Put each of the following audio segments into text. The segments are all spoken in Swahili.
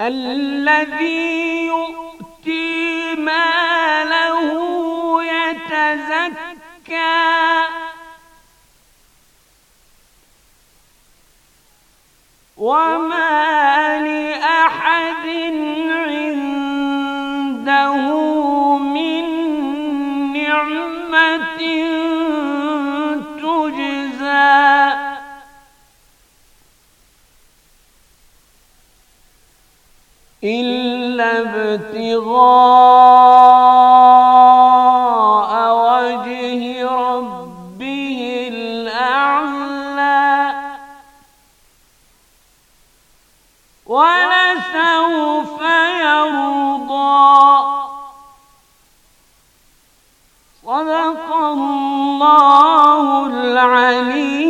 الذي يؤتي ماله يتزكى وما لأحد إلا ابتغاء وجه ربه الأعلى ولسوف يرضى صدق الله العليم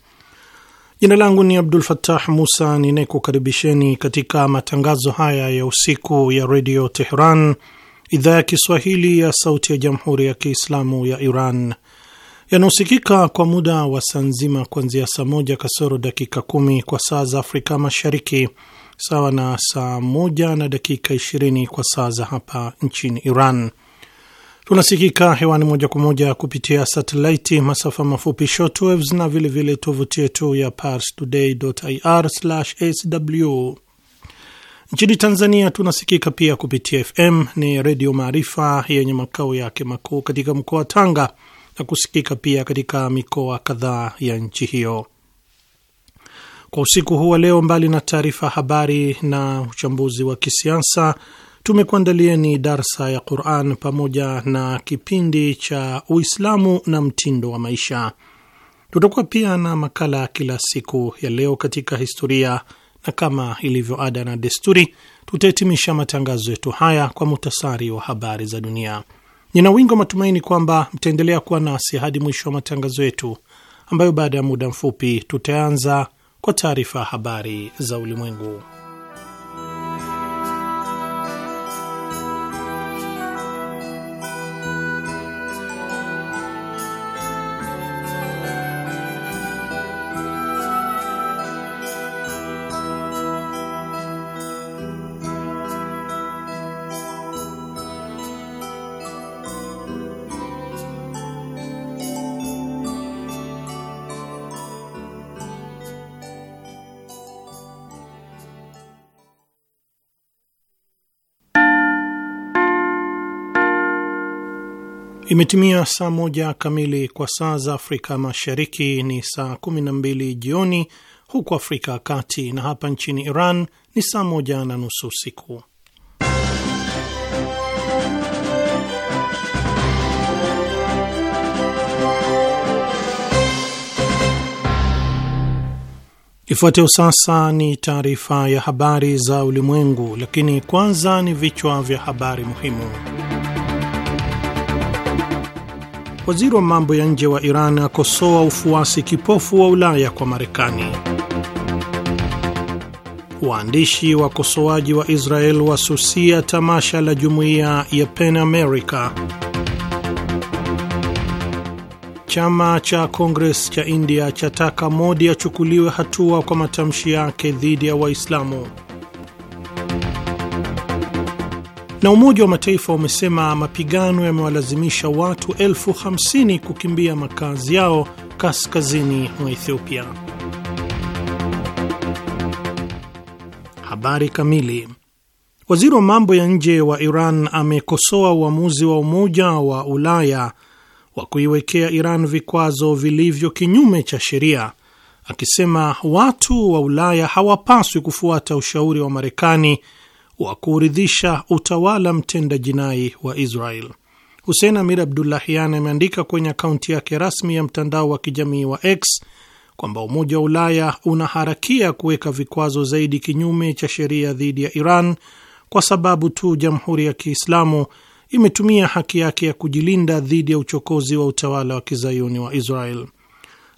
Jina langu ni Abdul fatah Musa ninayekukaribisheni katika matangazo haya ya usiku ya redio Teheran, idhaa ya Kiswahili ya sauti ya jamhuri ya Kiislamu ya Iran, yanaosikika kwa muda wa saa nzima kuanzia saa moja kasoro dakika kumi kwa saa za Afrika Mashariki, sawa na saa moja na dakika ishirini kwa saa za hapa nchini Iran Tunasikika hewani moja kwa moja kupitia satelaiti, masafa mafupi shortwaves, na vilevile tovuti yetu ya pars ir sw Nchini Tanzania tunasikika pia kupitia FM ni Redio Maarifa yenye makao yake makuu katika mkoa wa Tanga na kusikika pia katika mikoa kadhaa ya nchi hiyo. Kwa usiku huu wa leo, mbali na taarifa habari na uchambuzi wa kisiasa tumekuandalieni darsa ya Quran pamoja na kipindi cha Uislamu na mtindo wa maisha. Tutakuwa pia na makala ya kila siku ya leo katika historia, na kama ilivyo ada na desturi, tutahitimisha matangazo yetu haya kwa muhtasari wa habari za dunia. Nina wingi wa matumaini kwamba mtaendelea kuwa nasi hadi mwisho wa matangazo yetu, ambayo baada ya muda mfupi tutaanza kwa taarifa ya habari za ulimwengu. Imetimia saa moja kamili kwa saa za Afrika Mashariki, ni saa 12 jioni huku Afrika ya Kati, na hapa nchini Iran ni saa moja na nusu usiku. Ifuatayo sasa ni taarifa ya habari za ulimwengu, lakini kwanza ni vichwa vya habari muhimu. Waziri wa mambo ya nje wa Iran akosoa ufuasi kipofu wa Ulaya kwa Marekani. Waandishi wakosoaji wa Israel wasusia tamasha la jumuiya ya Pan America. Chama cha Kongres cha India chataka Modi achukuliwe hatua kwa matamshi yake dhidi ya Waislamu. Na Umoja wa Mataifa umesema mapigano yamewalazimisha watu elfu hamsini kukimbia makazi yao kaskazini mwa Ethiopia. Habari kamili. Waziri wa mambo ya nje wa Iran amekosoa uamuzi wa Umoja wa Ulaya wa kuiwekea Iran vikwazo vilivyo kinyume cha sheria, akisema watu wa Ulaya hawapaswi kufuata ushauri wa Marekani wa kuuridhisha utawala mtenda jinai wa Israel. Hussein Amir Abdullahian ameandika kwenye akaunti yake rasmi ya mtandao wa kijamii wa X kwamba Umoja wa Ulaya unaharakia kuweka vikwazo zaidi kinyume cha sheria dhidi ya Iran kwa sababu tu Jamhuri ya Kiislamu imetumia haki yake ya kujilinda dhidi ya uchokozi wa utawala wa kizayuni wa Israel.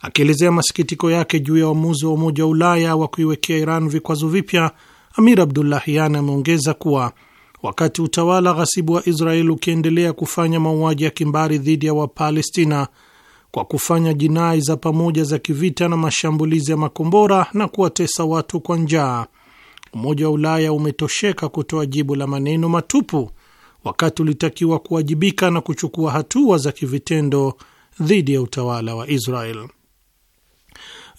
Akielezea masikitiko yake juu ya uamuzi wa Umoja wa Ulaya wa kuiwekea Iran vikwazo vipya, Amir Abdullahian ameongeza kuwa wakati utawala ghasibu wa Israel ukiendelea kufanya mauaji ya kimbari dhidi ya Wapalestina kwa kufanya jinai za pamoja za kivita na mashambulizi ya makombora na kuwatesa watu kwa njaa, Umoja wa Ulaya umetosheka kutoa jibu la maneno matupu, wakati ulitakiwa kuwajibika na kuchukua hatua za kivitendo dhidi ya utawala wa Israel.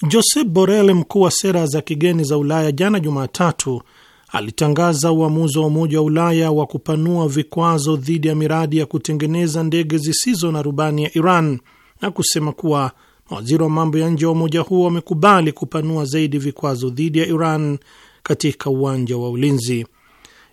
Josep Borrell, mkuu wa sera za kigeni za Ulaya, jana Jumatatu alitangaza uamuzi wa Umoja wa Ulaya wa kupanua vikwazo dhidi ya miradi ya kutengeneza ndege zisizo na rubani ya Iran na kusema kuwa mawaziri wa mambo ya nje wa umoja huo wamekubali kupanua zaidi vikwazo dhidi ya Iran katika uwanja wa ulinzi.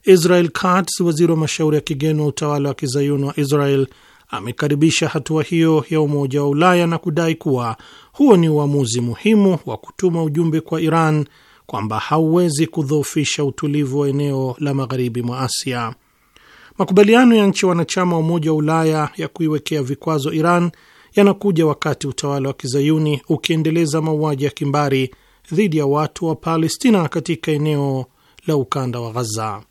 Israel Katz, waziri wa mashauri ya kigeni wa utawala wa kizayuni wa Israel, amekaribisha hatua hiyo ya Umoja wa Ulaya na kudai kuwa huo ni uamuzi muhimu wa kutuma ujumbe kwa Iran kwamba hauwezi kudhoofisha utulivu wa eneo la magharibi mwa Asia. Makubaliano ya nchi wanachama wa Umoja wa Ulaya ya kuiwekea vikwazo Iran yanakuja wakati utawala wa kizayuni ukiendeleza mauaji ya kimbari dhidi ya watu wa Palestina katika eneo la ukanda wa Ghaza.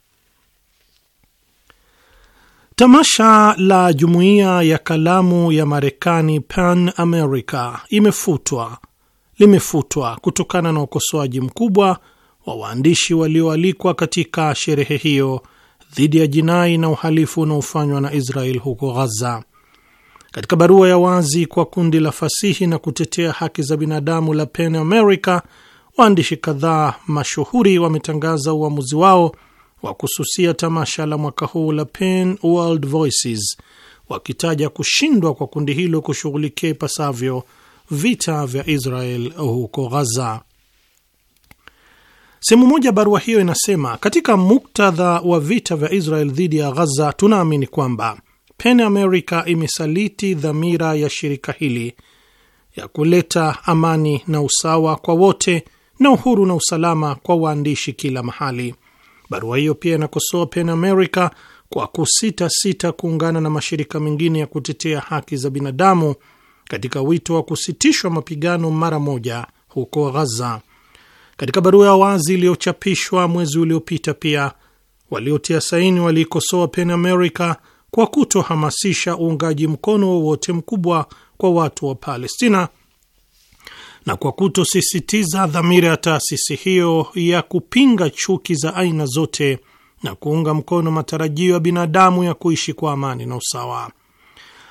Tamasha la jumuiya ya kalamu ya Marekani Pan America imefutwa limefutwa kutokana na ukosoaji mkubwa wa waandishi walioalikwa katika sherehe hiyo dhidi ya jinai na uhalifu unaofanywa na Israel huko Ghaza. Katika barua ya wazi kwa kundi la fasihi na kutetea haki za binadamu la Pan America, waandishi kadhaa mashuhuri wametangaza uamuzi wao wa kususia tamasha la mwaka huu la Pen World Voices, wakitaja kushindwa kwa kundi hilo kushughulikia ipasavyo vita vya Israel huko Ghaza. Sehemu moja barua hiyo inasema, katika muktadha wa vita vya Israel dhidi ya Ghaza, tunaamini kwamba Pen America imesaliti dhamira ya shirika hili ya kuleta amani na usawa kwa wote na uhuru na usalama kwa waandishi kila mahali. Barua hiyo pia inakosoa PEN America kwa kusita sita kuungana na mashirika mengine ya kutetea haki za binadamu katika wito wa kusitishwa mapigano mara moja huko Ghaza. Katika barua ya wazi iliyochapishwa mwezi uliopita, pia waliotia saini waliikosoa PEN America kwa kutohamasisha uungaji mkono wowote mkubwa kwa watu wa Palestina na kwa kutosisitiza dhamira ya taasisi hiyo ya kupinga chuki za aina zote na kuunga mkono matarajio ya binadamu ya kuishi kwa amani na usawa.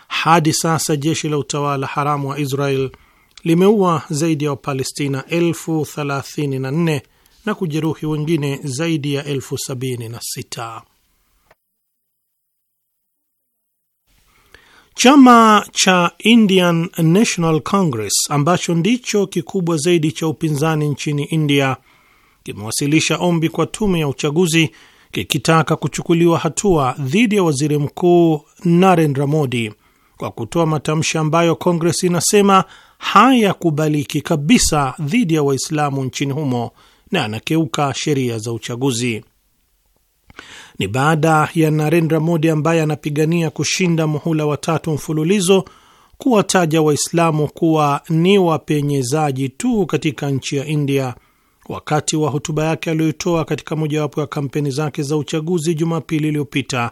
Hadi sasa jeshi la utawala haramu wa Israel limeua zaidi ya Wapalestina elfu thelathini na nne na kujeruhi wengine zaidi ya elfu sabini na sita. Chama cha Indian National Congress ambacho ndicho kikubwa zaidi cha upinzani nchini India kimewasilisha ombi kwa tume ya uchaguzi kikitaka kuchukuliwa hatua dhidi ya waziri mkuu Narendra Modi kwa kutoa matamshi ambayo Kongres inasema hayakubaliki kabisa dhidi ya Waislamu nchini humo na anakeuka sheria za uchaguzi ni baada ya Narendra Modi ambaye anapigania kushinda muhula watatu mfululizo kuwataja Waislamu kuwa ni wapenyezaji tu katika nchi ya India wakati wa hotuba yake aliyoitoa katika mojawapo ya kampeni zake za uchaguzi Jumapili iliyopita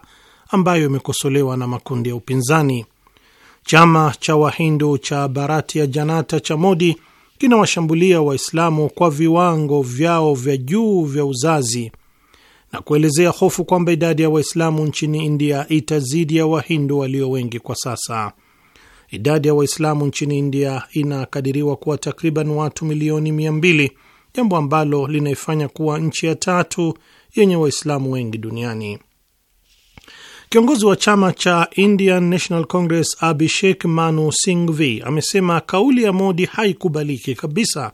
ambayo imekosolewa na makundi ya upinzani. Chama cha Wahindu cha barati ya Janata cha Modi kinawashambulia Waislamu kwa viwango vyao vya juu vya uzazi na kuelezea hofu kwamba idadi ya Waislamu nchini India itazidi ya Wahindu walio wengi kwa sasa. Idadi ya Waislamu nchini India inakadiriwa kuwa takriban watu milioni mia mbili, jambo ambalo linaifanya kuwa nchi ya tatu yenye Waislamu wengi duniani. Kiongozi wa chama cha Indian National Congress Abhishek Manu Singhvi amesema kauli ya Modi haikubaliki kabisa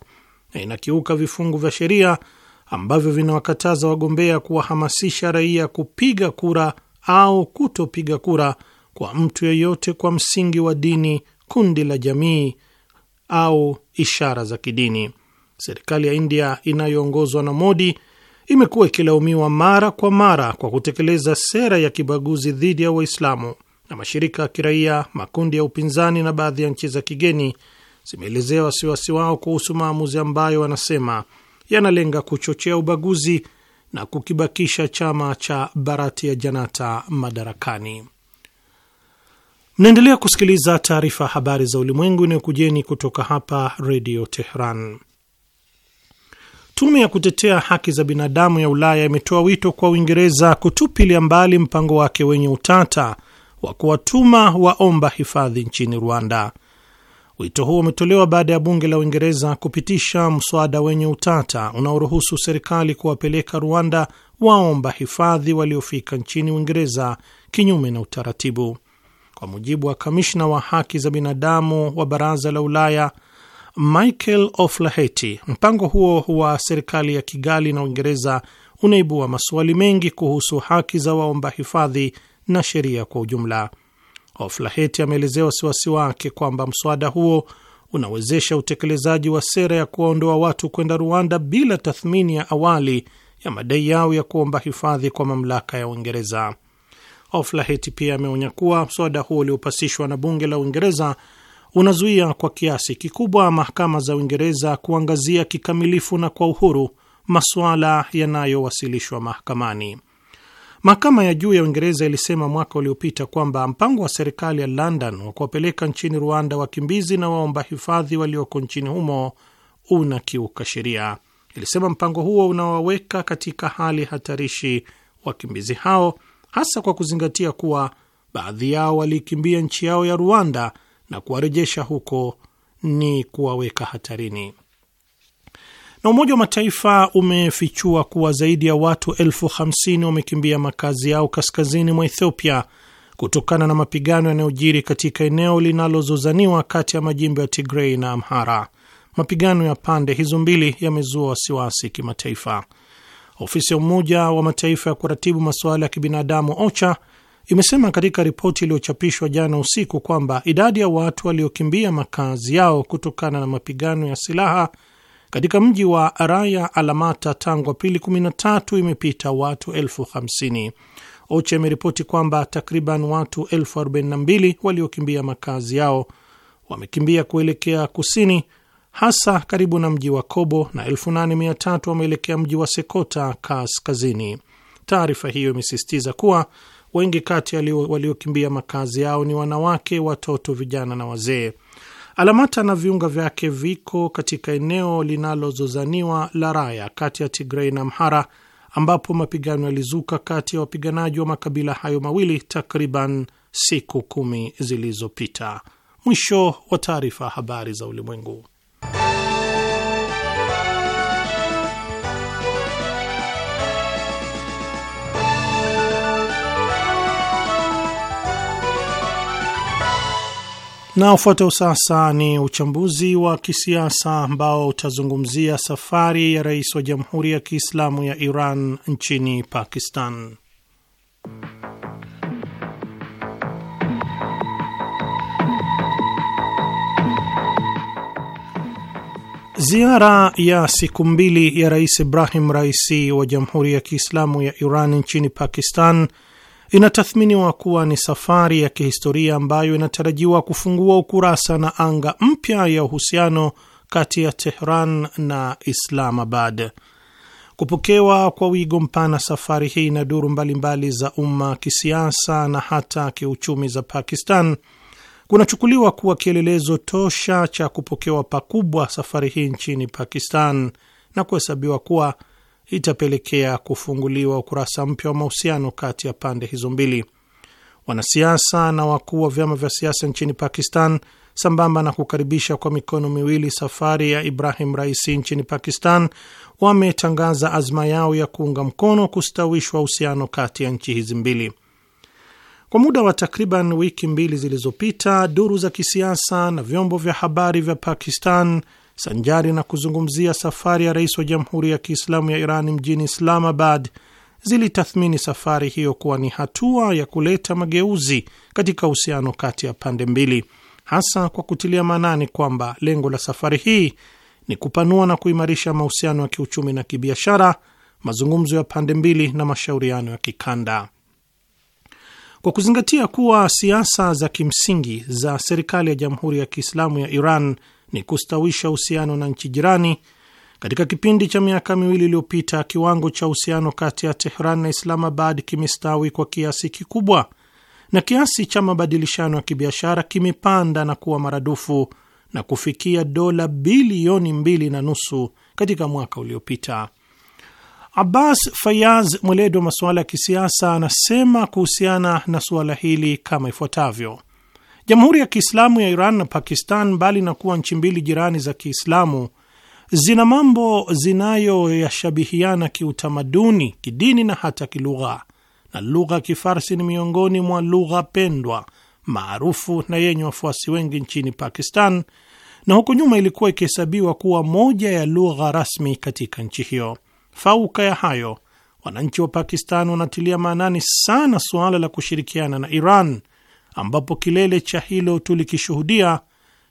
na inakiuka vifungu vya sheria ambavyo vinawakataza wagombea kuwahamasisha raia kupiga kura au kutopiga kura kwa mtu yeyote kwa msingi wa dini, kundi la jamii au ishara za kidini. Serikali ya India inayoongozwa na Modi imekuwa ikilaumiwa mara kwa mara kwa kutekeleza sera ya kibaguzi dhidi ya Waislamu, na mashirika ya kiraia, makundi ya upinzani na baadhi ya nchi za kigeni zimeelezea wasiwasi wao kuhusu maamuzi ambayo wanasema yanalenga kuchochea ubaguzi na kukibakisha chama cha Bharatiya ya Janata madarakani. Mnaendelea kusikiliza taarifa ya habari za ulimwengu inayokujeni kutoka hapa Redio Tehran. Tume ya kutetea haki za binadamu ya Ulaya imetoa wito kwa Uingereza kutupilia mbali mpango wake wenye utata wa kuwatuma waomba hifadhi nchini Rwanda. Wito huo umetolewa baada ya bunge la Uingereza kupitisha mswada wenye utata unaoruhusu serikali kuwapeleka Rwanda waomba hifadhi waliofika nchini Uingereza kinyume na utaratibu. Kwa mujibu wa kamishna wa haki za binadamu wa Baraza la Ulaya Michael O'Flaherty, mpango huo wa serikali ya Kigali na Uingereza unaibua maswali mengi kuhusu haki za waomba hifadhi na sheria kwa ujumla. Oflaheti ameelezea wasiwasi wake kwamba mswada huo unawezesha utekelezaji wa sera ya kuwaondoa watu kwenda Rwanda bila tathmini ya awali ya madai yao ya kuomba hifadhi kwa mamlaka ya Uingereza. Oflaheti pia ameonya kuwa mswada huo uliopasishwa na bunge la Uingereza unazuia kwa kiasi kikubwa mahakama za Uingereza kuangazia kikamilifu na kwa uhuru masuala yanayowasilishwa mahakamani. Mahakama ya juu ya Uingereza ilisema mwaka uliopita kwamba mpango wa serikali ya London wa kuwapeleka nchini Rwanda wakimbizi na waomba hifadhi walioko nchini humo unakiuka sheria. Ilisema mpango huo unawaweka katika hali hatarishi wakimbizi hao, hasa kwa kuzingatia kuwa baadhi yao waliikimbia nchi yao ya Rwanda na kuwarejesha huko ni kuwaweka hatarini. Na Umoja wa Mataifa umefichua kuwa zaidi ya watu elfu hamsini wamekimbia makazi yao kaskazini mwa Ethiopia kutokana na mapigano yanayojiri katika eneo linalozozaniwa kati ya majimbo ya Tigrei na Amhara. Mapigano ya pande hizo mbili yamezua wasiwasi kimataifa. Ofisi ya Umoja wa Mataifa ya kuratibu masuala ya kibinadamu OCHA imesema katika ripoti iliyochapishwa jana usiku kwamba idadi ya watu waliokimbia makazi yao kutokana na mapigano ya silaha katika mji wa Araya Alamata, tangu Aprili 13 imepita watu elfu hamsini. OCHA imeripoti kwamba takriban watu elfu arobaini na mbili waliokimbia makazi yao wamekimbia kuelekea kusini, hasa karibu na mji wa Kobo na elfu nane mia tatu wameelekea mji wa Sekota kaskazini. Taarifa hiyo imesisitiza kuwa wengi kati waliokimbia makazi yao ni wanawake, watoto, vijana na wazee. Alamata na viunga vyake viko katika eneo linalozozaniwa la Raya kati ya Tigrei na mhara ambapo mapigano yalizuka kati ya wapiganaji wa makabila hayo mawili takriban siku kumi zilizopita. Mwisho wa taarifa. Habari za Ulimwengu. Na ufuatao sasa ni uchambuzi wa kisiasa ambao utazungumzia safari ya rais wa Jamhuri ya Kiislamu ya Iran nchini Pakistan. Ziara ya siku mbili ya Rais Ibrahim Raisi wa Jamhuri ya Kiislamu ya Iran nchini Pakistan inatathminiwa kuwa ni safari ya kihistoria ambayo inatarajiwa kufungua ukurasa na anga mpya ya uhusiano kati ya Tehran na Islamabad. Kupokewa kwa wigo mpana safari hii na duru mbalimbali za umma, kisiasa na hata kiuchumi za Pakistan kunachukuliwa kuwa kielelezo tosha cha kupokewa pakubwa safari hii nchini Pakistan na kuhesabiwa kuwa itapelekea kufunguliwa ukurasa mpya wa mahusiano kati ya pande hizo mbili. Wanasiasa na wakuu wa vyama vya siasa nchini Pakistan, sambamba na kukaribisha kwa mikono miwili safari ya Ibrahim Raisi nchini Pakistan, wametangaza azma yao ya kuunga mkono kustawishwa uhusiano kati ya nchi hizi mbili. Kwa muda wa takriban wiki mbili zilizopita, duru za kisiasa na vyombo vya habari vya Pakistan sanjari na kuzungumzia safari ya rais wa Jamhuri ya Kiislamu ya Iran mjini Islamabad zilitathmini safari hiyo kuwa ni hatua ya kuleta mageuzi katika uhusiano kati ya pande mbili, hasa kwa kutilia maanani kwamba lengo la safari hii ni kupanua na kuimarisha mahusiano ya kiuchumi na kibiashara, mazungumzo ya pande mbili na mashauriano ya kikanda. Kwa kuzingatia kuwa siasa za kimsingi za serikali ya Jamhuri ya Kiislamu ya Iran ni kustawisha uhusiano na nchi jirani. Katika kipindi cha miaka miwili iliyopita, kiwango cha uhusiano kati ya Tehran na Islamabad kimestawi kwa kiasi kikubwa na kiasi cha mabadilishano ya kibiashara kimepanda na kuwa maradufu na kufikia dola bilioni mbili na nusu katika mwaka uliopita. Abbas Fayaz, mweledi wa masuala ya kisiasa, anasema kuhusiana na suala hili kama ifuatavyo: Jamhuri ya Kiislamu ya Iran na Pakistan, mbali na kuwa nchi mbili jirani za Kiislamu, zina mambo zinayoyashabihiana kiutamaduni, kidini na hata kilugha, na lugha ya Kifarsi ni miongoni mwa lugha pendwa maarufu na yenye wafuasi wengi nchini Pakistan, na huko nyuma ilikuwa ikihesabiwa kuwa moja ya lugha rasmi katika nchi hiyo. Fauka ya hayo, wananchi wa Pakistan wanatilia maanani sana suala la kushirikiana na Iran ambapo kilele cha hilo tulikishuhudia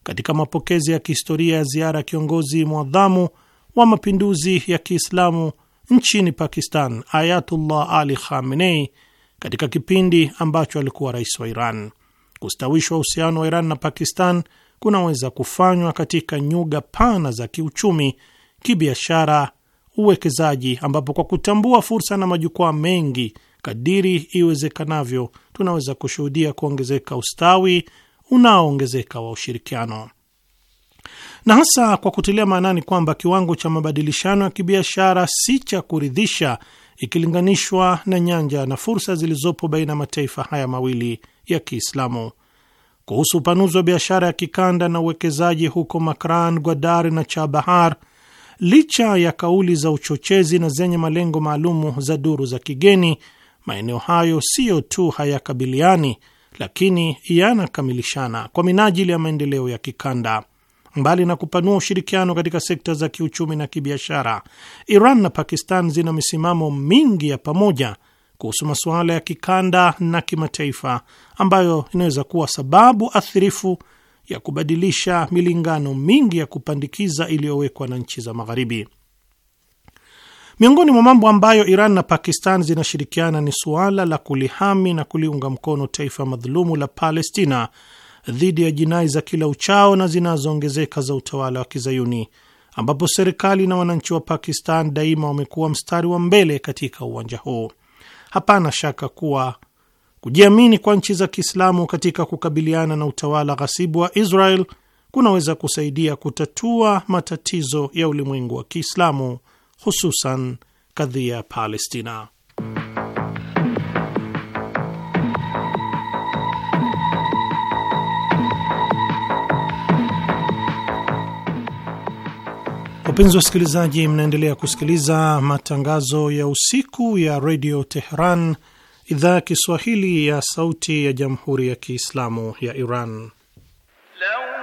katika mapokezi ya kihistoria ya ziara ya kiongozi mwadhamu wa mapinduzi ya Kiislamu nchini Pakistan, Ayatullah Ali Khamenei, katika kipindi ambacho alikuwa rais wa Iran. Kustawishwa uhusiano wa Iran na Pakistan kunaweza kufanywa katika nyuga pana za kiuchumi, kibiashara, uwekezaji, ambapo kwa kutambua fursa na majukwaa mengi kadiri iwezekanavyo tunaweza kushuhudia kuongezeka ustawi unaoongezeka wa ushirikiano na hasa kwa kutilia maanani kwamba kiwango cha mabadilishano ya kibiashara si cha kuridhisha ikilinganishwa na nyanja na fursa zilizopo baina ya mataifa haya mawili ya Kiislamu. Kuhusu upanuzi wa biashara ya kikanda na uwekezaji huko Makran, Gwadar na Chabahar, licha ya kauli za uchochezi na zenye malengo maalumu za duru za kigeni maeneo hayo siyo tu hayakabiliani, lakini yanakamilishana kwa minajili ya maendeleo ya kikanda. Mbali na kupanua ushirikiano katika sekta za kiuchumi na kibiashara, Iran na Pakistan zina misimamo mingi ya pamoja kuhusu masuala ya kikanda na kimataifa ambayo inaweza kuwa sababu athirifu ya kubadilisha milingano mingi ya kupandikiza iliyowekwa na nchi za Magharibi. Miongoni mwa mambo ambayo Iran na Pakistan zinashirikiana ni suala la kulihami na kuliunga mkono taifa madhulumu la Palestina dhidi ya jinai za kila uchao na zinazoongezeka za utawala wa Kizayuni, ambapo serikali na wananchi wa Pakistan daima wamekuwa mstari wa mbele katika uwanja huu. Hapana shaka kuwa kujiamini kwa nchi za Kiislamu katika kukabiliana na utawala ghasibu wa Israel kunaweza kusaidia kutatua matatizo ya ulimwengu wa Kiislamu hususan kadhia Palestina. Wapenzi wasikilizaji, mnaendelea kusikiliza matangazo ya usiku ya redio Tehran, idhaa ya Kiswahili ya sauti ya jamhuri ya Kiislamu ya Iran. Hello.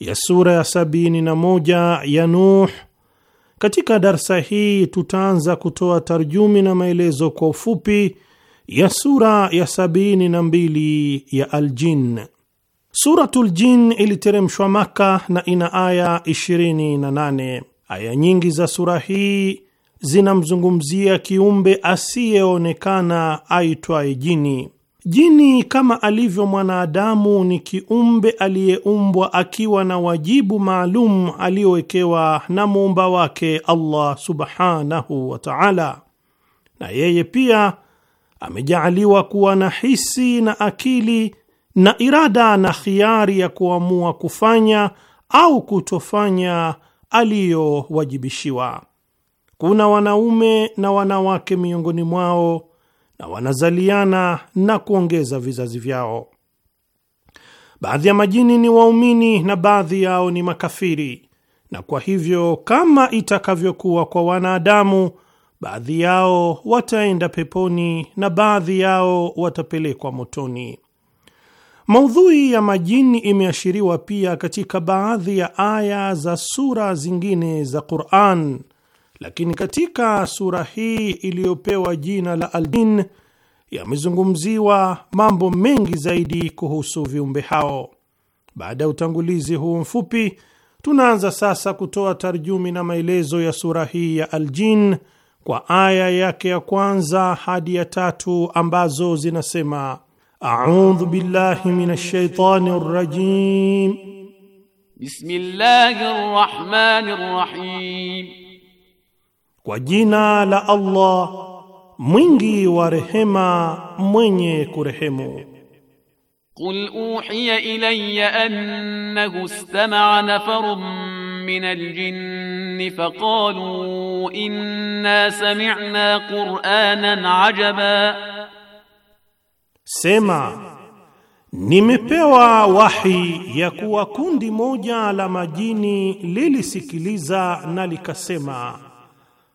ya sura ya sabini na moja ya Nuh. Katika darsa hii tutaanza kutoa tarjumi na maelezo kwa ufupi ya sura ya sabini na mbili ya Aljin. Suratul Jin iliteremshwa Maka na ina aya nane. Aya nyingi za sura hii zinamzungumzia kiumbe asiyeonekana aitwaye jini. Jini kama alivyo mwanadamu ni kiumbe aliyeumbwa akiwa na wajibu maalum aliyowekewa na muumba wake Allah subhanahu wa ta'ala, na yeye pia amejaaliwa kuwa na hisi na akili na irada na khiari ya kuamua kufanya au kutofanya aliyowajibishiwa. Kuna wanaume na wanawake miongoni mwao na wanazaliana na kuongeza vizazi vyao. Baadhi ya majini ni waumini na baadhi yao ni makafiri, na kwa hivyo kama itakavyokuwa kwa wanadamu, baadhi yao wataenda peponi na baadhi yao watapelekwa motoni. Maudhui ya majini imeashiriwa pia katika baadhi ya aya za sura zingine za Qur'an lakini katika sura hii iliyopewa jina la Aldin yamezungumziwa mambo mengi zaidi kuhusu viumbe hao. Baada ya utangulizi huu mfupi, tunaanza sasa kutoa tarjumi na maelezo ya sura hii ya Aljin kwa aya yake ya kwanza hadi ya tatu ambazo zinasema: audhu billahi minash rrajim rajim, kwa jina la Allah mwingi wa rehema, mwenye kurehemu. Qul uhiya ilayya annahu istama'a nafarun min aljinn faqalu inna sami'na qur'anan ajaba, sema nimepewa wahi ya kuwa kundi moja la majini lilisikiliza na likasema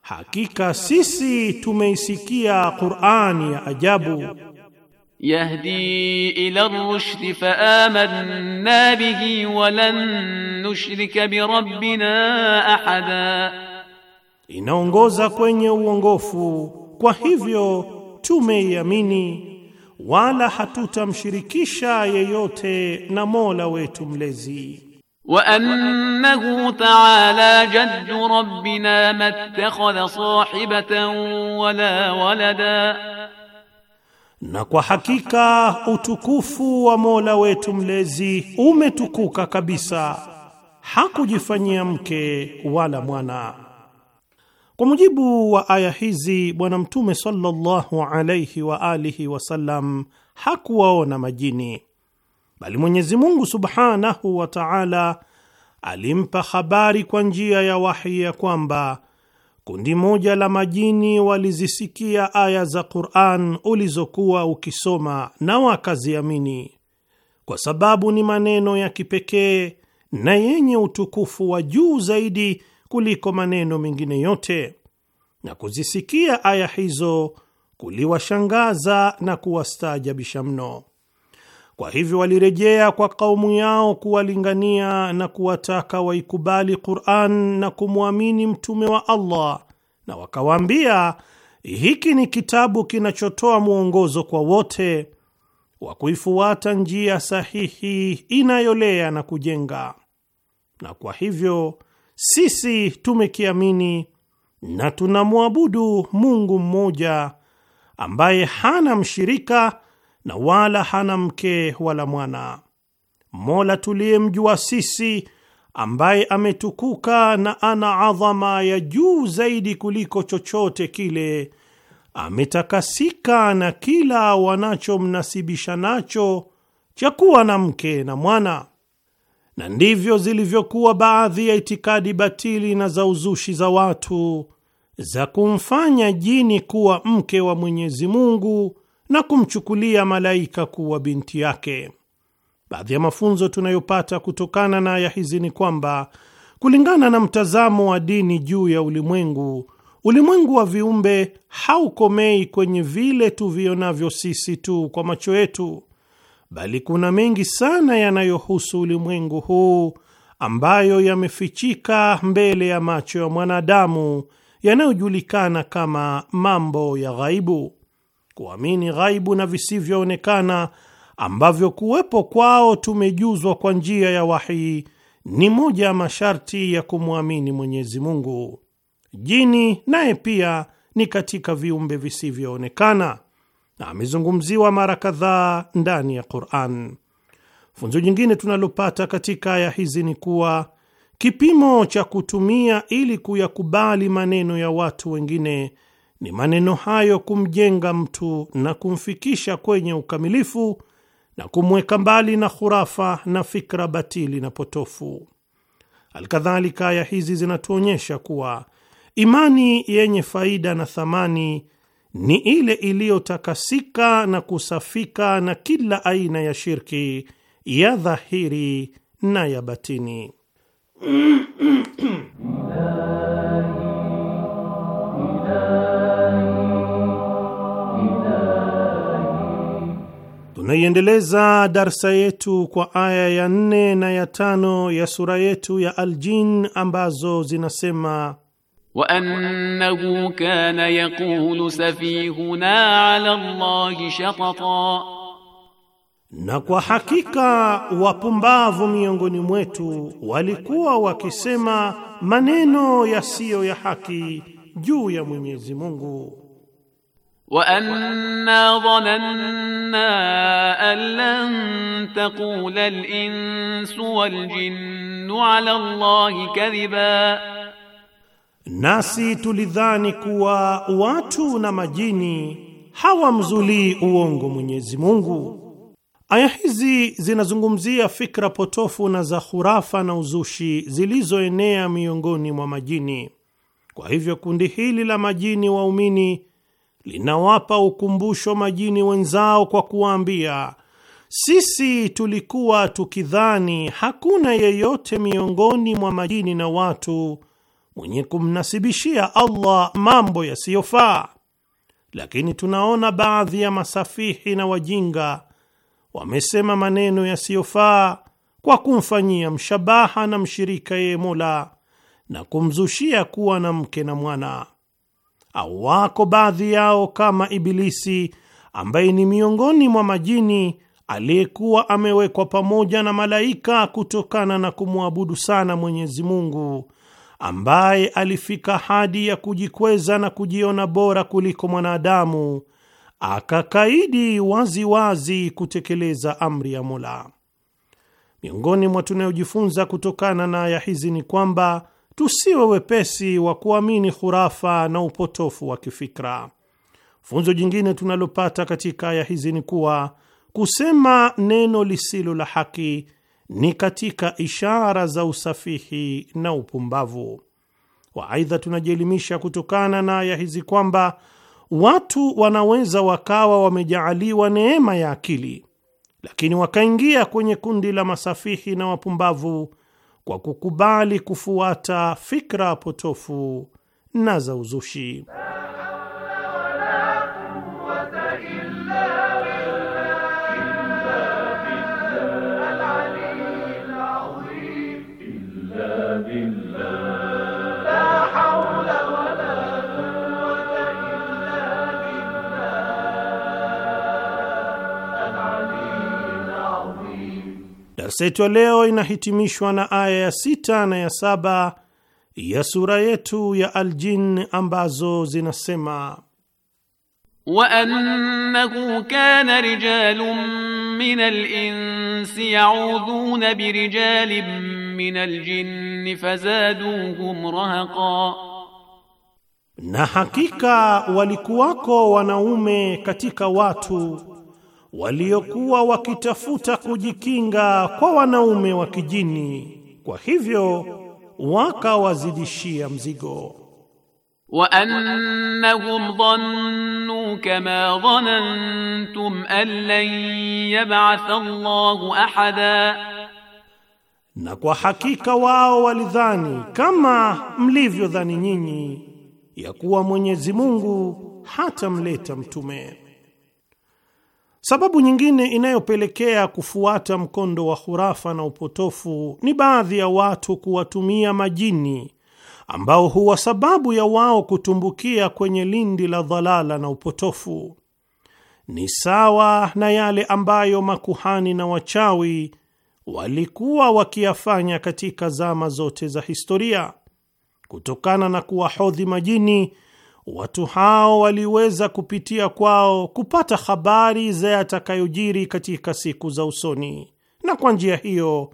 Hakika sisi tumeisikia Qur'ani ya ajabu. Yahdi ila rushd fa amanna bihi wa lan nushrika bi rabbina ahada, inaongoza kwenye uongofu, kwa hivyo tumeiamini wala hatutamshirikisha yeyote na Mola wetu mlezi. وأنه taala جد ربنا ما اتخذ صاحبة ولا ولدا na kwa hakika utukufu wa Mola wetu mlezi umetukuka kabisa, hakujifanyia mke wala mwana. Kwa mujibu wa aya hizi, Bwana Mtume sallallahu alayhi wa alihi wasallam hakuwaona majini bali Mwenyezi Mungu subhanahu wa taala alimpa habari kwa njia ya wahi ya kwamba kundi moja la majini walizisikia aya za Qur'an ulizokuwa ukisoma na wakaziamini, kwa sababu ni maneno ya kipekee na yenye utukufu wa juu zaidi kuliko maneno mengine yote, na kuzisikia aya hizo kuliwashangaza na kuwastaajabisha mno. Kwa hivyo walirejea kwa kaumu yao kuwalingania na kuwataka waikubali Qur'an na kumwamini mtume wa Allah, na wakawaambia, hiki ni kitabu kinachotoa mwongozo kwa wote wa kuifuata njia sahihi inayolea na kujenga, na kwa hivyo sisi tumekiamini na tunamwabudu Mungu mmoja ambaye hana mshirika na wala hana mke wala mwana. Mola tuliyemjua sisi, ambaye ametukuka na ana adhama ya juu zaidi kuliko chochote kile, ametakasika na kila wanachomnasibisha nacho cha kuwa na mke na mwana. Na ndivyo zilivyokuwa baadhi ya itikadi batili na za uzushi za watu za kumfanya jini kuwa mke wa Mwenyezi Mungu na kumchukulia malaika kuwa binti yake. Baadhi ya mafunzo tunayopata kutokana na aya hizi ni kwamba kulingana na mtazamo wa dini juu ya ulimwengu, ulimwengu wa viumbe haukomei kwenye vile tuvionavyo sisi tu kwa macho yetu, bali kuna mengi sana yanayohusu ulimwengu huu ambayo yamefichika mbele ya macho ya mwanadamu, yanayojulikana kama mambo ya ghaibu kuamini ghaibu na visivyoonekana ambavyo kuwepo kwao tumejuzwa kwa njia ya wahi ni moja ya masharti ya kumwamini Mwenyezi Mungu. Jini naye pia ni katika viumbe visivyoonekana na amezungumziwa mara kadhaa ndani ya Qur'an. Funzo jingine tunalopata katika aya hizi ni kuwa kipimo cha kutumia ili kuyakubali maneno ya watu wengine ni maneno hayo kumjenga mtu na kumfikisha kwenye ukamilifu na kumweka mbali na khurafa na fikra batili na potofu. Alkadhalika, aya hizi zinatuonyesha kuwa imani yenye faida na thamani ni ile iliyotakasika na kusafika na kila aina ya shirki ya dhahiri na ya batini. Tunaiendeleza darsa yetu kwa aya ya nne na ya tano ya sura yetu ya Aljin ambazo zinasema wa annahu kana yaqulu safihuna ala Allahi shatata, na kwa hakika wapumbavu miongoni mwetu walikuwa wakisema maneno yasiyo ya haki juu ya Mwenyezi Mungu. وانا ظننا ان لن تقول الانس والجن على Allah kadhiba, nasi tulidhani kuwa watu na majini hawamzulii uongo Mwenyezi Mungu. Aya hizi zinazungumzia fikra potofu na za khurafa na uzushi zilizoenea miongoni mwa majini. Kwa hivyo kundi hili la majini waumini linawapa ukumbusho majini wenzao kwa kuwaambia, sisi tulikuwa tukidhani hakuna yeyote miongoni mwa majini na watu mwenye kumnasibishia Allah mambo yasiyofaa, lakini tunaona baadhi ya masafihi na wajinga wamesema maneno yasiyofaa kwa kumfanyia mshabaha na mshirika yeye Mola na kumzushia kuwa na mke na mwana au wako baadhi yao kama Ibilisi ambaye ni miongoni mwa majini aliyekuwa amewekwa pamoja na malaika kutokana na kumwabudu sana Mwenyezi Mungu, ambaye alifika hadi ya kujikweza na kujiona bora kuliko mwanadamu, akakaidi waziwazi wazi kutekeleza amri ya Mola. Miongoni mwa tunayojifunza kutokana na aya hizi ni kwamba tusiwe wepesi wa kuamini hurafa na upotofu wa kifikra. Funzo jingine tunalopata katika aya hizi ni kuwa kusema neno lisilo la haki ni katika ishara za usafihi na upumbavu. Aidha, tunajielimisha kutokana na aya hizi kwamba watu wanaweza wakawa wamejaaliwa neema ya akili, lakini wakaingia kwenye kundi la masafihi na wapumbavu kwa kukubali kufuata fikra potofu na za uzushi. Darsa yetu ya leo inahitimishwa na aya ya sita na ya saba ya sura yetu ya Aljin ambazo zinasema وأنه كان رجال من الإنس يعوذون برجال من الجن fazaduhum رهقا, na hakika walikuwako wanaume katika watu waliokuwa wakitafuta kujikinga kwa wanaume wa kijini, kwa hivyo wakawazidishia mzigo. wa annahum dhannu kama dhanantum an lan yab'ath Allahu ahada, na kwa hakika wao walidhani kama mlivyodhani nyinyi ya kuwa Mwenyezi Mungu hatamleta mtume. Sababu nyingine inayopelekea kufuata mkondo wa hurafa na upotofu ni baadhi ya watu kuwatumia majini ambao huwa sababu ya wao kutumbukia kwenye lindi la dhalala na upotofu. Ni sawa na yale ambayo makuhani na wachawi walikuwa wakiyafanya katika zama zote za historia, kutokana na kuwahodhi majini watu hao waliweza kupitia kwao kupata habari za yatakayojiri katika siku za usoni, na kwa njia hiyo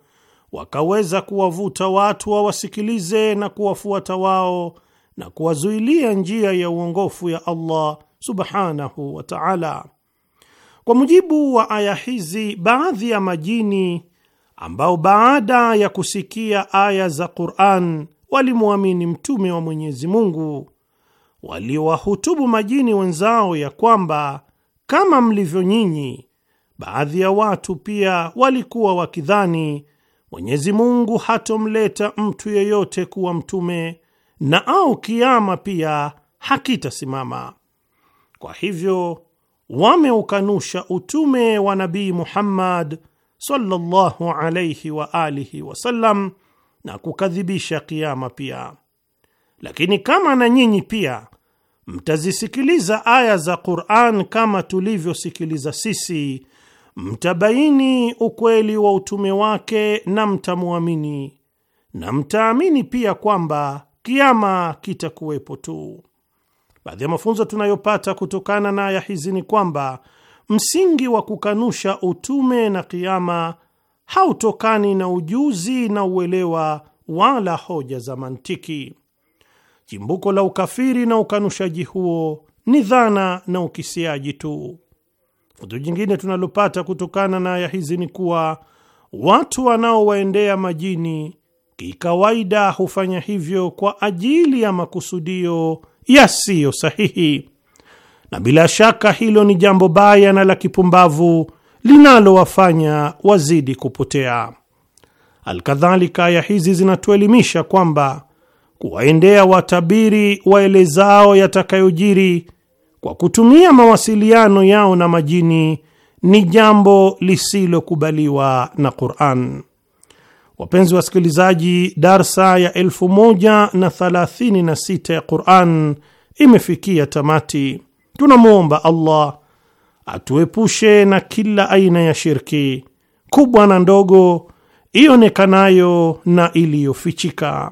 wakaweza kuwavuta watu wawasikilize na kuwafuata wao na kuwazuilia njia ya uongofu ya Allah subhanahu wa ta'ala. Kwa mujibu wa aya hizi, baadhi ya majini ambao baada ya kusikia aya za Qur'an walimwamini mtume wa Mwenyezi Mungu waliowahutubu majini wenzao ya kwamba kama mlivyo nyinyi, baadhi ya watu pia walikuwa wakidhani Mwenyezi Mungu hatomleta mtu yeyote kuwa mtume na au kiama pia hakitasimama. Kwa hivyo wameukanusha utume wa Nabii Muhammad sallallahu alayhi wa alihi wasallam na kukadhibisha kiama pia. Lakini kama na nyinyi pia mtazisikiliza aya za Qur'an kama tulivyosikiliza sisi, mtabaini ukweli wa utume wake na mtamwamini, na mtaamini pia kwamba kiama kitakuwepo tu. Baadhi ya mafunzo tunayopata kutokana na aya hizi ni kwamba msingi wa kukanusha utume na kiama hautokani na ujuzi na uelewa wala hoja za mantiki Chimbuko la ukafiri na ukanushaji huo ni dhana na ukisiaji tu. Funzo jingine tunalopata kutokana na aya hizi ni kuwa watu wanaowaendea majini kikawaida hufanya hivyo kwa ajili ya makusudio yasiyo sahihi, na bila shaka hilo ni jambo baya na la kipumbavu linalowafanya wazidi kupotea. Alkadhalika, aya hizi zinatuelimisha kwamba kuwaendea watabiri waelezao yatakayojiri kwa kutumia mawasiliano yao na majini ni jambo lisilokubaliwa na Qur'an. Wapenzi wasikilizaji, darsa ya 1036 ya Qur'an imefikia tamati. Tunamwomba Allah atuepushe na kila aina ya shirki kubwa na ndogo, ionekanayo na iliyofichika.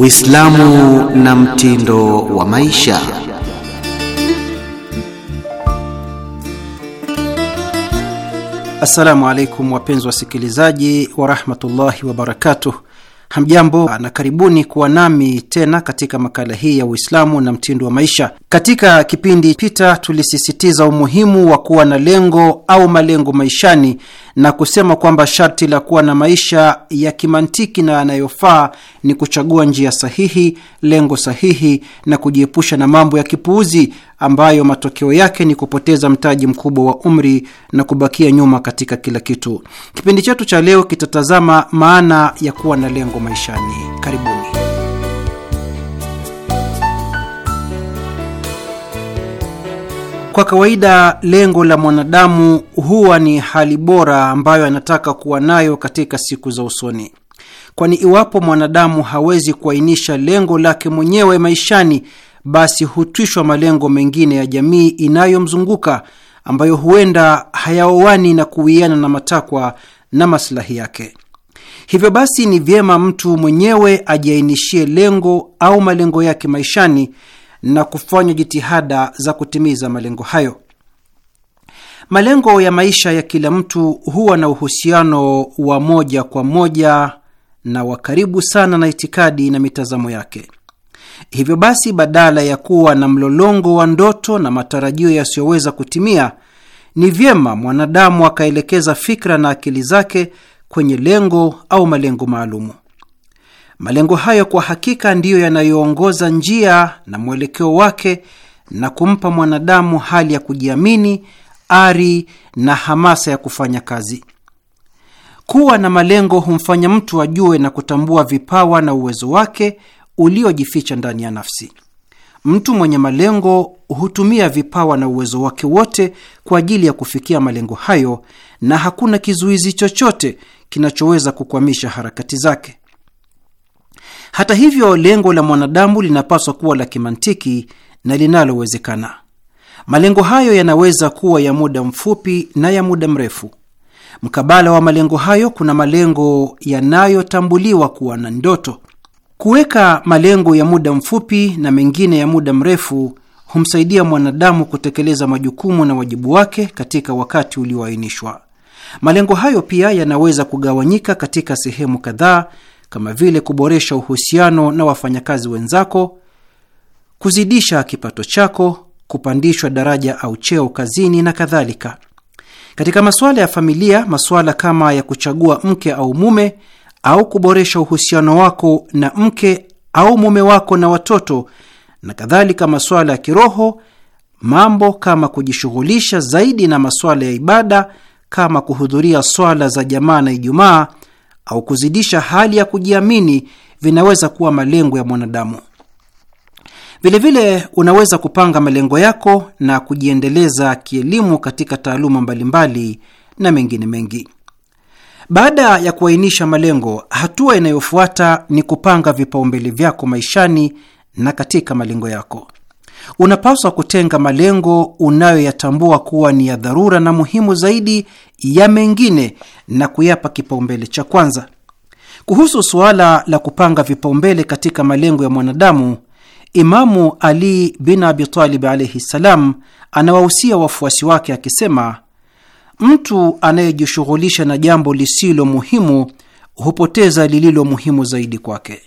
Uislamu na mtindo wa maisha. Assalamu alaikum wapenzi wasikilizaji wa rahmatullahi wabarakatuh. Hamjambo na karibuni kuwa nami tena katika makala hii ya Uislamu na mtindo wa maisha. Katika kipindi pita tulisisitiza umuhimu wa kuwa na lengo au malengo maishani na kusema kwamba sharti la kuwa na maisha ya kimantiki na yanayofaa ni kuchagua njia sahihi, lengo sahihi na kujiepusha na mambo ya kipuuzi ambayo matokeo yake ni kupoteza mtaji mkubwa wa umri na kubakia nyuma katika kila kitu. Kipindi chetu cha leo kitatazama maana ya kuwa na lengo maishani. Karibuni. Kwa kawaida lengo la mwanadamu huwa ni hali bora ambayo anataka kuwa nayo katika siku za usoni, kwani iwapo mwanadamu hawezi kuainisha lengo lake mwenyewe maishani, basi hutwishwa malengo mengine ya jamii inayomzunguka ambayo huenda hayaoani na kuwiana na matakwa na masilahi yake. Hivyo basi, ni vyema mtu mwenyewe ajiainishie lengo au malengo yake maishani na kufanya jitihada za kutimiza malengo hayo. Malengo ya maisha ya kila mtu huwa na uhusiano wa moja kwa moja na wa karibu sana na itikadi na mitazamo yake. Hivyo basi, badala ya kuwa na mlolongo wa ndoto na matarajio yasiyoweza kutimia, ni vyema mwanadamu akaelekeza fikra na akili zake kwenye lengo au malengo maalumu. Malengo hayo kwa hakika ndiyo yanayoongoza njia na mwelekeo wake na kumpa mwanadamu hali ya kujiamini, ari na hamasa ya kufanya kazi. Kuwa na malengo humfanya mtu ajue na kutambua vipawa na uwezo wake uliojificha ndani ya nafsi. Mtu mwenye malengo hutumia vipawa na uwezo wake wote kwa ajili ya kufikia malengo hayo, na hakuna kizuizi chochote kinachoweza kukwamisha harakati zake. Hata hivyo, lengo la mwanadamu linapaswa kuwa la kimantiki na linalowezekana. Malengo hayo yanaweza kuwa ya muda mfupi na ya muda mrefu. Mkabala wa malengo hayo, kuna malengo yanayotambuliwa kuwa na ndoto. Kuweka malengo ya muda mfupi na mengine ya muda mrefu humsaidia mwanadamu kutekeleza majukumu na wajibu wake katika wakati ulioainishwa. Malengo hayo pia yanaweza kugawanyika katika sehemu kadhaa kama vile kuboresha uhusiano na wafanyakazi wenzako, kuzidisha kipato chako, kupandishwa daraja au cheo kazini na kadhalika. Katika masuala ya familia, masuala kama ya kuchagua mke au mume au kuboresha uhusiano wako na mke au mume wako na watoto na kadhalika. Masuala ya kiroho, mambo kama kujishughulisha zaidi na masuala ya ibada kama kuhudhuria swala za jamaa na Ijumaa au kuzidisha hali ya kujiamini vinaweza kuwa malengo ya mwanadamu. Vilevile unaweza kupanga malengo yako na kujiendeleza kielimu katika taaluma mbalimbali na mengine mengi. Baada ya kuainisha malengo, hatua inayofuata ni kupanga vipaumbele vyako maishani na katika malengo yako unapaswa kutenga malengo unayoyatambua kuwa ni ya dharura na muhimu zaidi ya mengine na kuyapa kipaumbele cha kwanza. Kuhusu suala la kupanga vipaumbele katika malengo ya mwanadamu, Imamu Ali bin Abi Talib alaihi ssalam anawahusia wafuasi wake akisema, mtu anayejishughulisha na jambo lisilo muhimu hupoteza lililo muhimu zaidi kwake.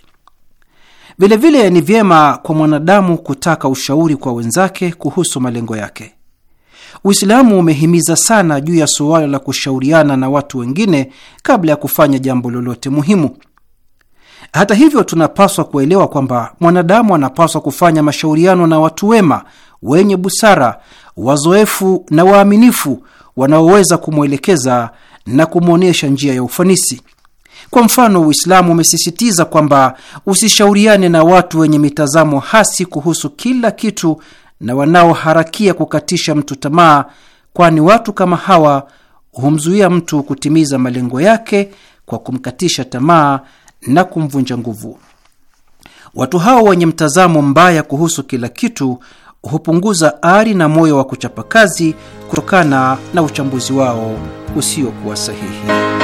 Vilevile ni vyema kwa mwanadamu kutaka ushauri kwa wenzake kuhusu malengo yake. Uislamu umehimiza sana juu ya suala la kushauriana na watu wengine kabla ya kufanya jambo lolote muhimu. Hata hivyo, tunapaswa kuelewa kwamba mwanadamu anapaswa kufanya mashauriano na watu wema, wenye busara, wazoefu na waaminifu, wanaoweza kumwelekeza na kumwonyesha njia ya ufanisi. Kwa mfano, Uislamu umesisitiza kwamba usishauriane na watu wenye mitazamo hasi kuhusu kila kitu na wanaoharakia kukatisha mtu tamaa, kwani watu kama hawa humzuia mtu kutimiza malengo yake kwa kumkatisha tamaa na kumvunja nguvu. Watu hao wenye mtazamo mbaya kuhusu kila kitu hupunguza ari na moyo wa kuchapa kazi kutokana na uchambuzi wao usiokuwa sahihi.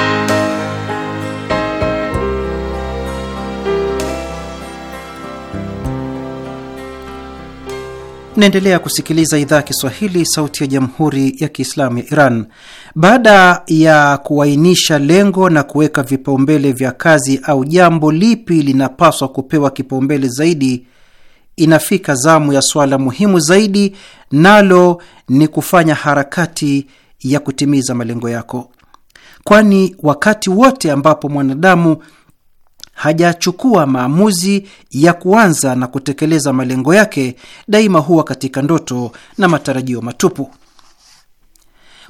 Mnaendelea kusikiliza idhaa ya Kiswahili, sauti ya jamhuri ya kiislamu ya Iran. Baada ya kuainisha lengo na kuweka vipaumbele vya kazi au jambo lipi linapaswa kupewa kipaumbele zaidi, inafika zamu ya suala muhimu zaidi, nalo ni kufanya harakati ya kutimiza malengo yako, kwani wakati wote ambapo mwanadamu hajachukua maamuzi ya kuanza na kutekeleza malengo yake, daima huwa katika ndoto na matarajio matupu.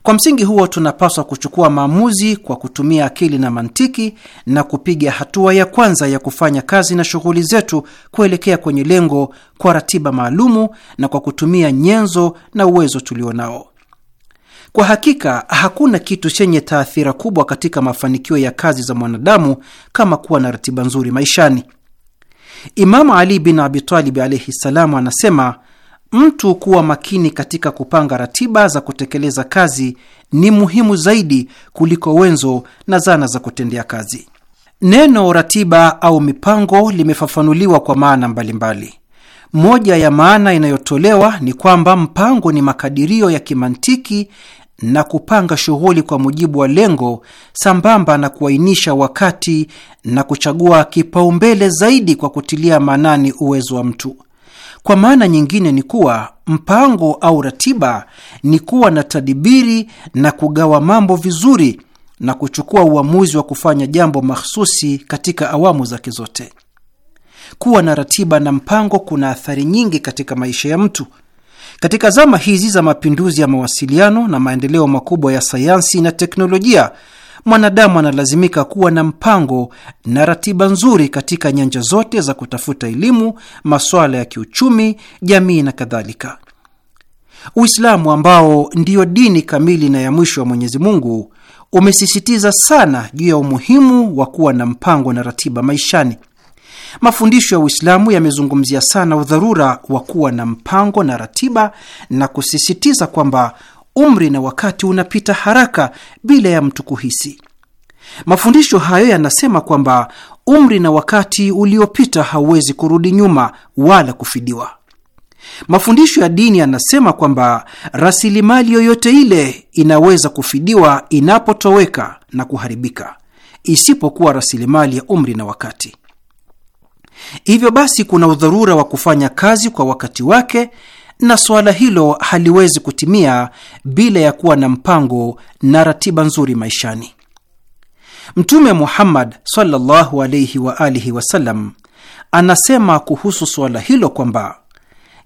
Kwa msingi huo, tunapaswa kuchukua maamuzi kwa kutumia akili na mantiki na kupiga hatua ya kwanza ya kufanya kazi na shughuli zetu kuelekea kwenye lengo kwa ratiba maalumu na kwa kutumia nyenzo na uwezo tulio nao. Kwa hakika hakuna kitu chenye taathira kubwa katika mafanikio ya kazi za mwanadamu kama kuwa na ratiba nzuri maishani. Imamu Ali bin Abitalib alaihi ssalamu anasema mtu kuwa makini katika kupanga ratiba za kutekeleza kazi ni muhimu zaidi kuliko wenzo na zana za kutendea kazi. Neno ratiba au mipango limefafanuliwa kwa maana mbalimbali mbali. Moja ya maana inayotolewa ni kwamba mpango ni makadirio ya kimantiki na kupanga shughuli kwa mujibu wa lengo, sambamba na kuainisha wakati na kuchagua kipaumbele zaidi kwa kutilia maanani uwezo wa mtu. Kwa maana nyingine ni kuwa mpango au ratiba ni kuwa na tadibiri na kugawa mambo vizuri na kuchukua uamuzi wa kufanya jambo mahsusi katika awamu zake zote kuwa na ratiba na mpango kuna athari nyingi katika maisha ya mtu. Katika zama hizi za mapinduzi ya mawasiliano na maendeleo makubwa ya sayansi na teknolojia, mwanadamu analazimika kuwa na mpango na ratiba nzuri katika nyanja zote za kutafuta elimu, masuala ya kiuchumi, jamii na kadhalika. Uislamu ambao ndiyo dini kamili na ya mwisho wa Mwenyezi Mungu umesisitiza sana juu ya umuhimu wa kuwa na mpango na ratiba maishani. Mafundisho ya Uislamu yamezungumzia sana udharura wa kuwa na mpango na ratiba na kusisitiza kwamba umri na wakati unapita haraka bila ya mtu kuhisi. Mafundisho hayo yanasema kwamba umri na wakati uliopita hauwezi kurudi nyuma wala kufidiwa. Mafundisho ya dini yanasema kwamba rasilimali yoyote ile inaweza kufidiwa inapotoweka na kuharibika, isipokuwa rasilimali ya umri na wakati. Hivyo basi kuna udharura wa kufanya kazi kwa wakati wake, na suala hilo haliwezi kutimia bila ya kuwa na mpango na ratiba nzuri maishani. Mtume Muhammad sallallahu alayhi wa alihi wasallam anasema kuhusu suala hilo kwamba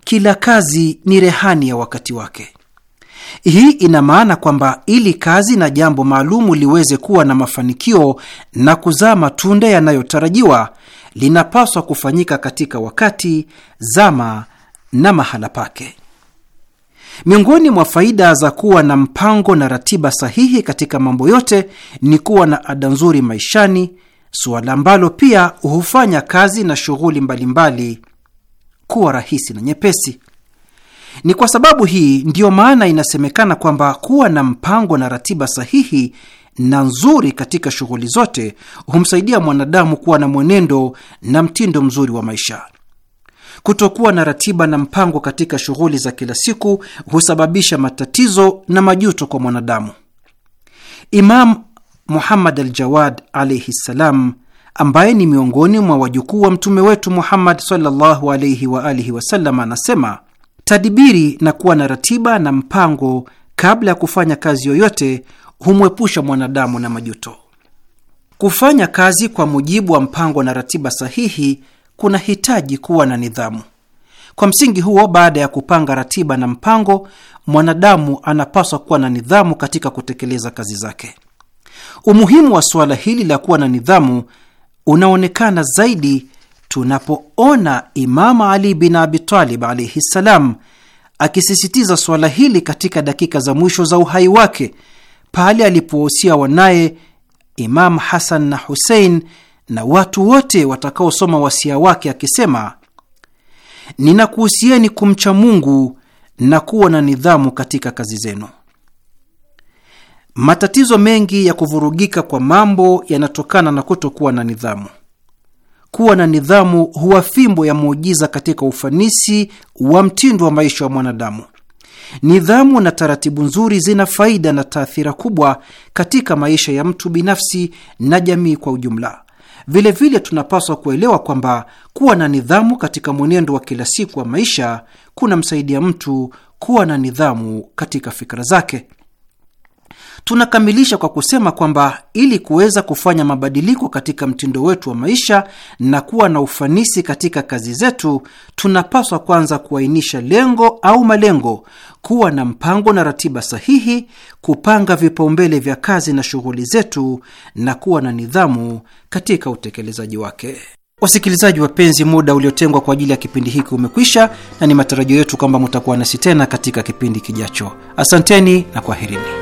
kila kazi ni rehani ya wakati wake. Hii ina maana kwamba ili kazi na jambo maalumu liweze kuwa na mafanikio na kuzaa matunda yanayotarajiwa linapaswa kufanyika katika wakati, zama na mahala pake. Miongoni mwa faida za kuwa na mpango na ratiba sahihi katika mambo yote ni kuwa na ada nzuri maishani, suala ambalo pia hufanya kazi na shughuli mbalimbali kuwa rahisi na nyepesi. Ni kwa sababu hii ndiyo maana inasemekana kwamba kuwa na mpango na ratiba sahihi na nzuri katika shughuli zote humsaidia mwanadamu kuwa na mwenendo na mtindo mzuri wa maisha. Kutokuwa na ratiba na mpango katika shughuli za kila siku husababisha matatizo na majuto kwa mwanadamu. Imam Muhammad al-Jawad alaihi ssalam, ambaye ni miongoni mwa wajukuu wa mtume wetu Muhammad sallallahu alaihi wa alihi wasallam, anasema tadibiri na kuwa na ratiba na mpango kabla ya kufanya kazi yoyote humwepusha mwanadamu na majuto. Kufanya kazi kwa mujibu wa mpango na ratiba sahihi kuna hitaji kuwa na nidhamu. Kwa msingi huo, baada ya kupanga ratiba na mpango, mwanadamu anapaswa kuwa na nidhamu katika kutekeleza kazi zake. Umuhimu wa suala hili la kuwa na nidhamu unaonekana zaidi tunapoona Imama Ali bin Abi Talib alaihi ssalam akisisitiza suala hili katika dakika za mwisho za uhai wake pale alipowahusia wanaye Imam Hasan na Husein na watu wote watakaosoma wasia wake akisema, ninakuhusieni kumcha Mungu na kuwa na nidhamu katika kazi zenu. Matatizo mengi ya kuvurugika kwa mambo yanatokana na kutokuwa na nidhamu. Kuwa na nidhamu huwa fimbo ya muujiza katika ufanisi wa mtindo wa maisha wa mwanadamu. Nidhamu na taratibu nzuri zina faida na taathira kubwa katika maisha ya mtu binafsi na jamii kwa ujumla. Vilevile vile tunapaswa kuelewa kwamba kuwa na nidhamu katika mwenendo wa kila siku wa maisha kunamsaidia mtu kuwa na nidhamu katika fikra zake. Tunakamilisha kwa kusema kwamba ili kuweza kufanya mabadiliko katika mtindo wetu wa maisha na kuwa na ufanisi katika kazi zetu, tunapaswa kwanza kuainisha lengo au malengo, kuwa na mpango na ratiba sahihi, kupanga vipaumbele vya kazi na shughuli zetu, na kuwa na nidhamu katika utekelezaji wake. Wasikilizaji wapenzi, muda uliotengwa kwa ajili ya kipindi hiki umekwisha, na ni matarajio yetu kwamba mutakuwa nasi tena katika kipindi kijacho. Asanteni na kwaherini.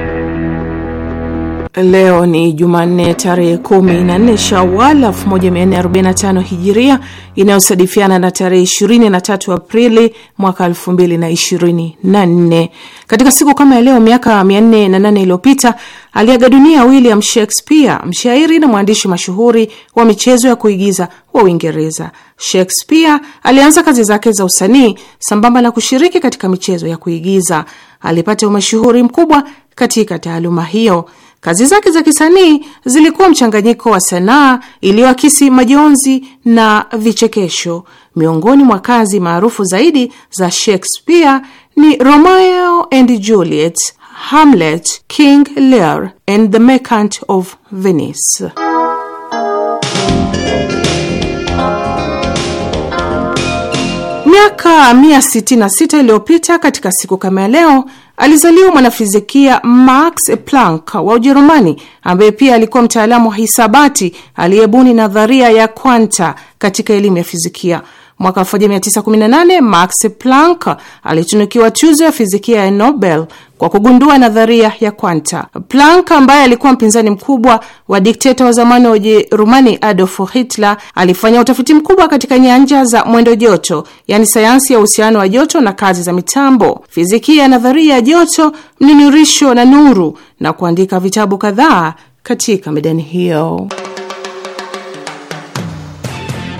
Leo ni Jumanne tarehe 14 Shawal 1445 Hijiria inayosadifiana na tarehe 23 Aprili mwaka 2024. Katika siku kama ya leo miaka 408 iliyopita aliaga dunia William Shakespeare, mshairi na mwandishi mashuhuri wa michezo ya kuigiza wa Uingereza. Shakespeare alianza kazi zake za usanii sambamba na kushiriki katika michezo ya kuigiza. Alipata umashuhuri mkubwa katika taaluma hiyo. Kazi zake za kisanii zilikuwa mchanganyiko wa sanaa iliyoakisi majonzi na vichekesho. Miongoni mwa kazi maarufu zaidi za Shakespeare ni Romeo and Juliet, Hamlet, King Lear and the Merchant of Venice. Miaka 166 iliyopita katika siku kama ya leo alizaliwa mwanafizikia Max Planck wa Ujerumani, ambaye pia alikuwa mtaalamu wa hisabati aliyebuni nadharia ya kwanta katika elimu ya fizikia. Mwaka 1918 Max Planck alitunukiwa tuzo ya fizikia ya Nobel kwa kugundua nadharia ya kwanta. Planck ambaye alikuwa mpinzani mkubwa wa dikteta wa zamani wa Ujerumani Adolf Hitler alifanya utafiti mkubwa katika nyanja za mwendo joto, yaani sayansi ya uhusiano wa joto na kazi za mitambo, fizikia ya nadharia ya joto, mnunurisho na nuru, na kuandika vitabu kadhaa katika medani hiyo.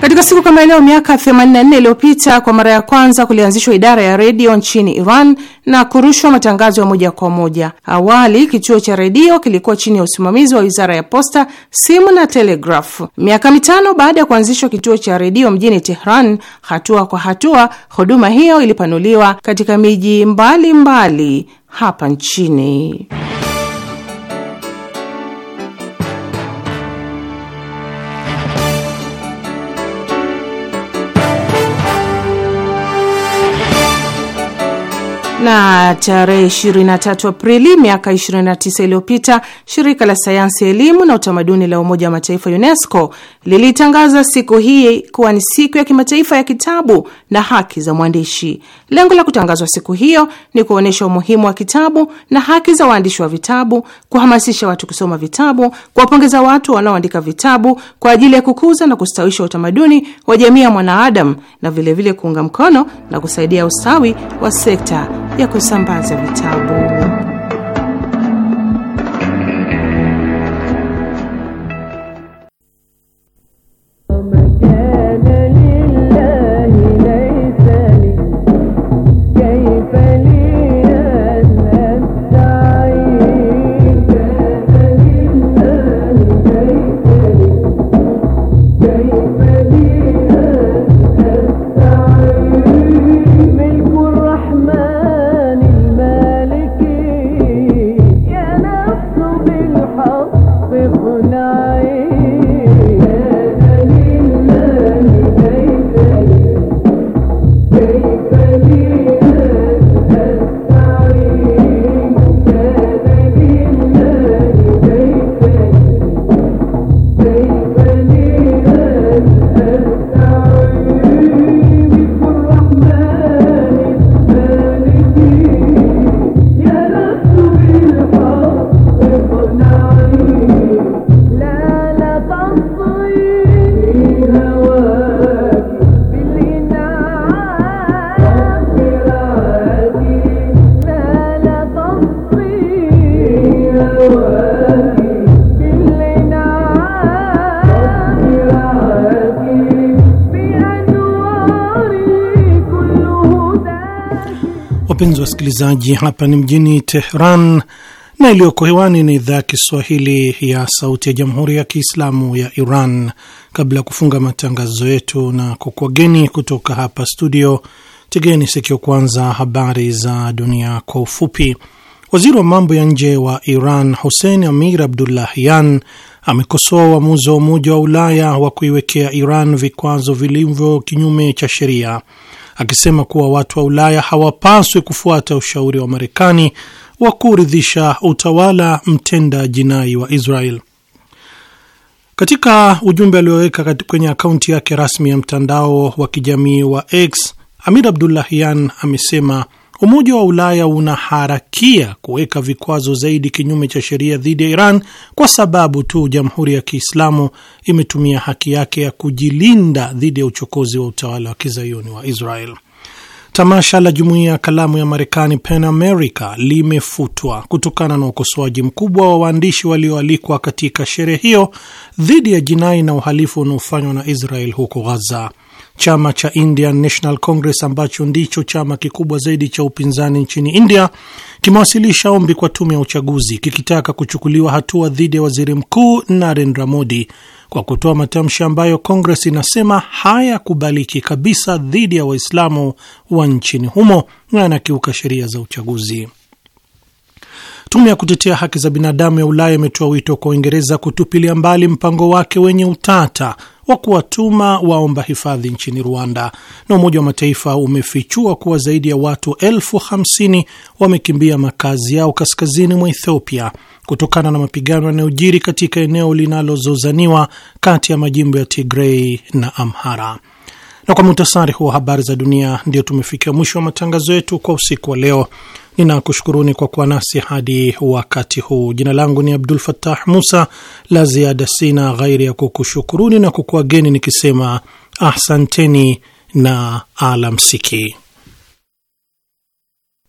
Katika siku kama leo miaka 84 iliyopita kwa mara ya kwanza kulianzishwa idara ya redio nchini Iran na kurushwa matangazo ya moja kwa moja. Awali kituo cha redio kilikuwa chini ya usimamizi wa wizara ya posta, simu na telegrafu. Miaka mitano baada ya kuanzishwa kituo cha redio mjini Tehran, hatua kwa hatua huduma hiyo ilipanuliwa katika miji mbalimbali mbali hapa nchini. Na tarehe 23 Aprili miaka 29 iliyopita, shirika la sayansi, elimu na utamaduni la Umoja wa Mataifa UNESCO lilitangaza siku hii kuwa ni siku ya kimataifa ya kitabu na haki za mwandishi. Lengo la kutangazwa siku hiyo ni kuonyesha umuhimu wa kitabu na haki za waandishi wa vitabu, kuhamasisha watu kusoma vitabu, kuwapongeza watu wanaoandika vitabu kwa ajili ya kukuza na kustawisha utamaduni wa jamii ya mwanadamu, na vilevile kuunga mkono na kusaidia ustawi wa sekta ya kusambaza vitabu. wapenzi wasikilizaji, hapa ni mjini Tehran na iliyoko hewani ni idhaa ya Kiswahili ya Sauti ya Jamhuri ya Kiislamu ya Iran. Kabla ya kufunga matangazo yetu na kukwageni kutoka hapa studio, tegeni sikio kwanza habari za dunia kwa ufupi. Waziri wa mambo ya nje wa Iran Hussein Amir Abdullahian amekosoa uamuzi wa Umoja wa Ulaya wa kuiwekea Iran vikwazo vilivyo kinyume cha sheria akisema kuwa watu wa Ulaya hawapaswi kufuata ushauri wa Marekani wa kuridhisha utawala mtenda jinai wa Israel. Katika ujumbe alioweka kwenye akaunti yake rasmi ya mtandao wa kijamii wa X, Amir Abdullahian amesema Umoja wa Ulaya unaharakia kuweka vikwazo zaidi kinyume cha sheria dhidi ya Iran kwa sababu tu Jamhuri ya Kiislamu imetumia haki yake ya kujilinda dhidi ya uchokozi wa utawala wa kizayuni wa Israel. Tamasha la jumuiya ya kalamu ya Marekani Pan America limefutwa kutokana na ukosoaji mkubwa wa waandishi walioalikwa katika sherehe hiyo dhidi ya jinai na uhalifu unaofanywa na Israel huko Ghaza chama cha Indian National Congress ambacho ndicho chama kikubwa zaidi cha upinzani nchini India kimewasilisha ombi kwa tume ya uchaguzi kikitaka kuchukuliwa hatua dhidi ya waziri mkuu Narendra Modi kwa kutoa matamshi ambayo Congress inasema hayakubaliki kabisa dhidi ya Waislamu wa nchini humo na anakiuka sheria za uchaguzi. Tume ya kutetea haki za binadamu ya Ulaya imetoa wito kwa Uingereza kutupilia mbali mpango wake wenye utata wa kuwatuma waomba hifadhi nchini Rwanda, na Umoja wa Mataifa umefichua kuwa zaidi ya watu elfu hamsini wamekimbia makazi yao kaskazini mwa Ethiopia kutokana na mapigano yanayojiri katika eneo linalozozaniwa kati ya majimbo ya Tigrei na Amhara. Na kwa muhtasari huo habari za dunia, ndio tumefikia mwisho wa matangazo yetu kwa usiku wa leo. Ninakushukuruni kwa kuwa nasi hadi wakati huu. Jina langu ni Abdul Fattah Musa. La ziada sina ghairi ya kukushukuruni na kukuageni nikisema ahsanteni na alamsiki.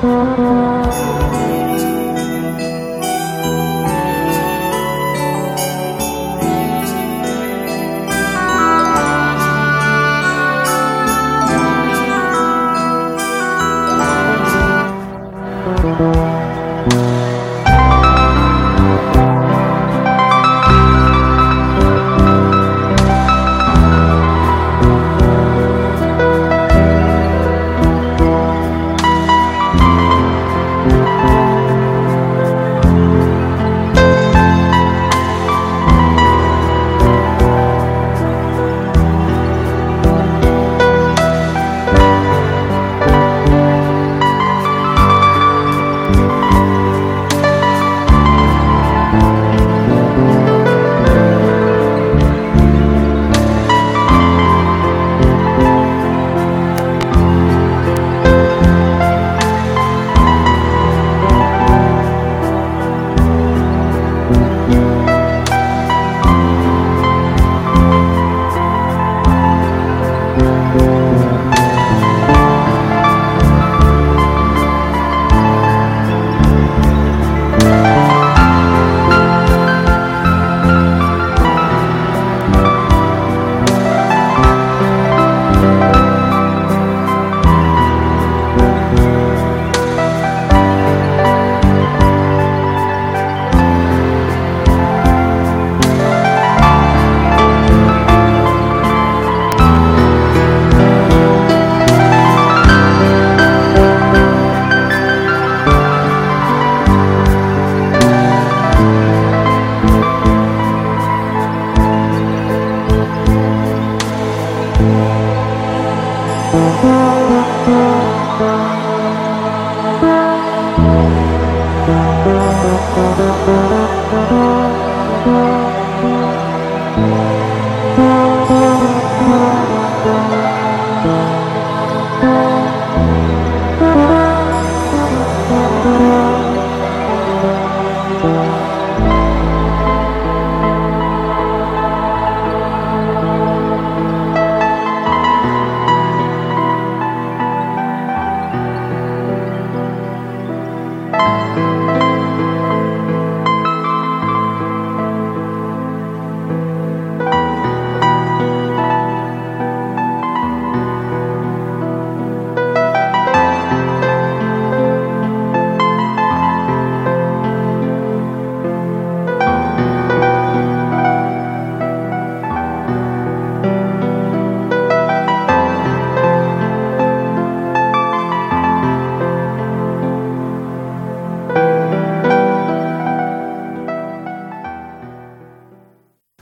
Thank you.